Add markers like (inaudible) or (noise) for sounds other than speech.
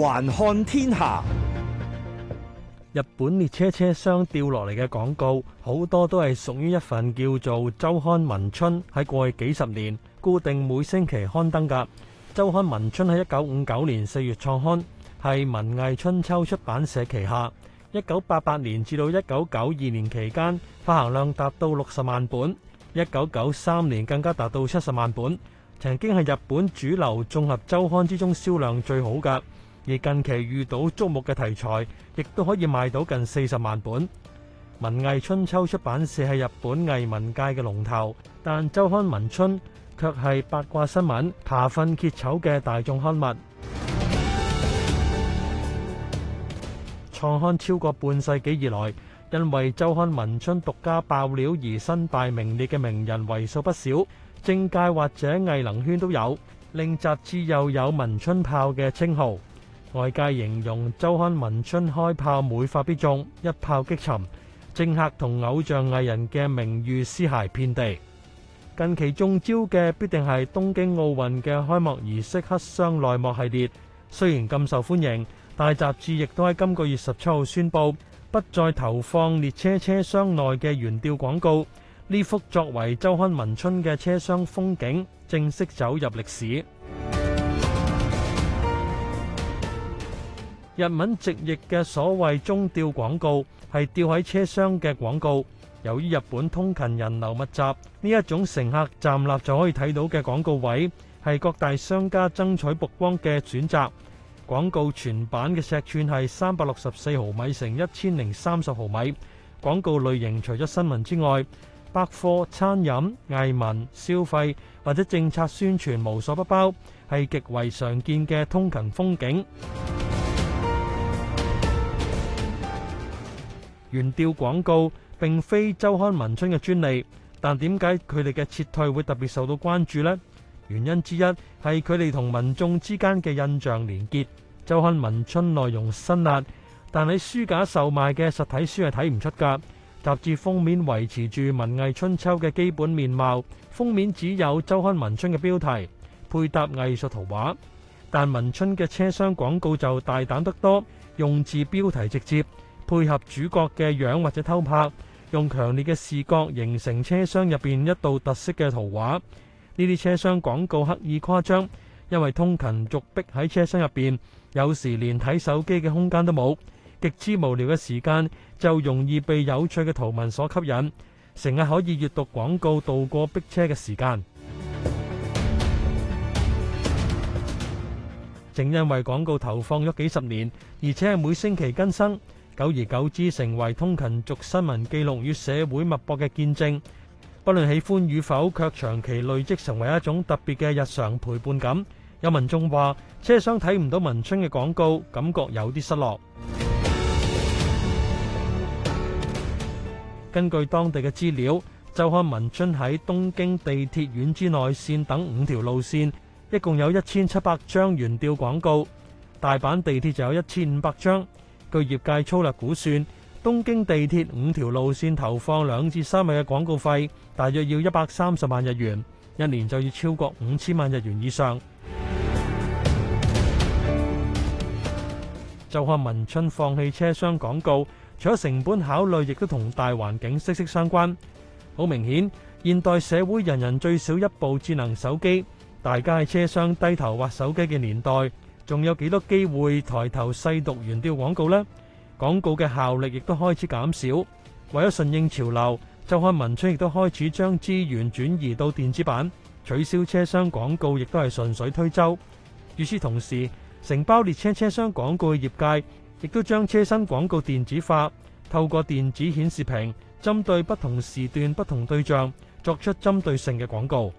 環看天下，日本列車車廂吊落嚟嘅廣告，好多都係屬於一份叫做《週刊文春》，喺過去幾十年固定每星期刊登㗎。《週刊文春》喺一九五九年四月創刊，係文藝春秋出版社旗下。一九八八年至到一九九二年期間，發行量達到六十萬本，一九九三年更加達到七十萬本，曾經係日本主流綜合週刊之中銷量最好㗎。而近期遇到矚目嘅題材，亦都可以賣到近四十萬本。文藝春秋出版社係日本藝文界嘅龍頭，但周刊文春卻係八卦新聞、扒糞揭醜嘅大眾刊物。 (noise) 創刊超過半世紀以來，因為周刊文春獨家爆料而身敗名裂嘅名人為數不少，政界或者藝能圈都有，令雜誌又有文春炮嘅稱號。外界形容《周刊文春》開炮每發必中，一炮擊沉政客同偶像藝人嘅名譽屍骸遍地。近期中招嘅必定係東京奧運嘅開幕儀式黑箱內幕系列。雖然咁受歡迎，但係雜誌亦都喺今個月十七號宣布不再投放列車車廂內嘅原調廣告。呢幅作為《周刊文春》嘅車廂風景正式走入歷史。日文直譯嘅所謂中吊廣告係吊喺車廂嘅廣告。由於日本通勤人流密集，呢一種乘客站立就可以睇到嘅廣告位係各大商家爭取曝光嘅選擇。廣告全版嘅尺寸係三百六十四毫米乘一千零三十毫米。廣告類型除咗新聞之外，百貨、餐飲、藝文、消費或者政策宣傳無所不包，係極為常見嘅通勤風景。懸吊廣告並非週刊文春嘅專利，但點解佢哋嘅撤退會特別受到關注呢？原因之一係佢哋同民眾之間嘅印象連結。週刊文春內容辛辣，但喺書架售賣嘅實體書係睇唔出㗎。雜誌封面維持住文藝春秋嘅基本面貌，封面只有週刊文春嘅標題配搭藝術圖畫，但文春嘅車廂廣告就大膽得多，用字標題直接。配合主角嘅樣或者偷拍，用強烈嘅視覺形成車廂入邊一道特色嘅圖畫。呢啲車廂廣告，刻意誇張，因為通勤續，逼喺車廂入邊，有時連睇手機嘅空間都冇，極之無聊嘅時間就容易被有趣嘅圖文所吸引，成日可以閱讀廣告度過逼車嘅時間。 (music) 正因為廣告投放咗幾十年，而且係每星期更新。久而久之，成為通勤族新聞記錄與社會脈搏嘅見證。不論喜歡與否，卻長期累積成為一種特別嘅日常陪伴感。有民眾話：車廂睇唔到文春嘅廣告，感覺有啲失落。根據當地嘅資料，週刊文春喺東京地鐵丸之內線等五條路線，一共有一千七百張懸吊廣告；大阪地鐵就有一千五百張。據業界粗略估算，東京地鐵五條路線投放兩至三日嘅廣告費，大約要一百三十萬日元，一年就要超過五千萬日元以上。週刊文春放棄車廂廣告，除咗成本考慮，亦都同大環境息息相關。好明顯，現代社會人人最少一部智能手機，大家喺車廂低頭滑手機嘅年代。仲有幾多機會抬頭細讀懸吊廣告呢？廣告嘅效力亦都開始減少。為咗順應潮流，週刊文春亦都開始將資源轉移到電子版，取消車廂廣告也是純粹推，亦都係順水推舟。與此同時，承包列車車廂廣告嘅業界亦都將車身廣告電子化，透過電子顯示屏，針對不同時段、不同對象，作出針對性嘅廣告。